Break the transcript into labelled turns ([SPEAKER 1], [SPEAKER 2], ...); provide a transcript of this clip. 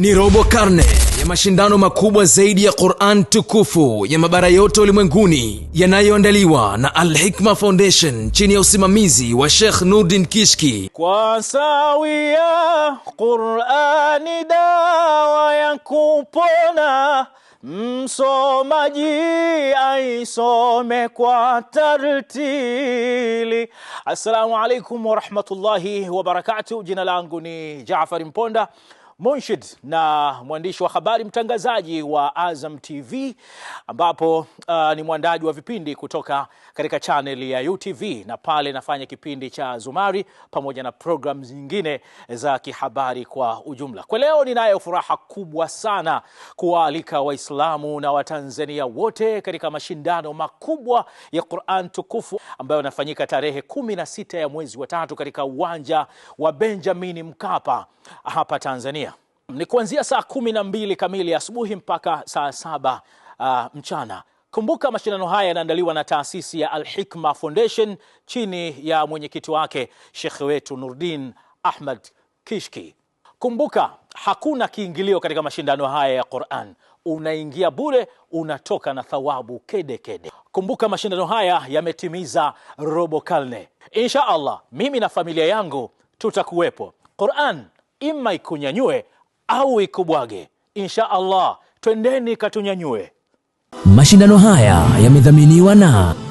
[SPEAKER 1] Ni robo karne ya mashindano makubwa zaidi ya Quran tukufu ya mabara yote ulimwenguni yanayoandaliwa na Al Hikma Foundation chini ya usimamizi wa Sheikh Nurdin Kishki.
[SPEAKER 2] Kwa sawia Qurani dawa ya kupona, msomaji aisome kwa tartili.
[SPEAKER 1] Assalamu alaikum warahmatullahi wabarakatuh. Jina langu ni Jaafar Mponda munshid na mwandishi wa habari mtangazaji wa Azam TV ambapo uh, ni mwandaji wa vipindi kutoka katika channel ya UTV na pale nafanya kipindi cha Zumari pamoja na programu nyingine za kihabari kwa ujumla. Kwa leo ninayo furaha kubwa sana kuwaalika Waislamu na Watanzania wote katika mashindano makubwa ya Qur'an tukufu ambayo yanafanyika tarehe 16 ya mwezi wa tatu katika uwanja wa Benjamin Mkapa hapa Tanzania ni kuanzia saa kumi na mbili kamili asubuhi mpaka saa saba uh, mchana. Kumbuka mashindano haya yanaandaliwa na taasisi ya alhikma Foundation chini ya mwenyekiti wake shekhe wetu Nurdin Ahmad Kishki. Kumbuka hakuna kiingilio katika mashindano haya ya Quran. Unaingia bure, unatoka na thawabu kede kede. Kumbuka mashindano haya yametimiza robo karne. Insha Allah, mimi na familia yangu tutakuwepo. Quran ima ikunyanyue au ikubwage. Insha Allah, twendeni katunyanyue. Mashindano haya yamedhaminiwa na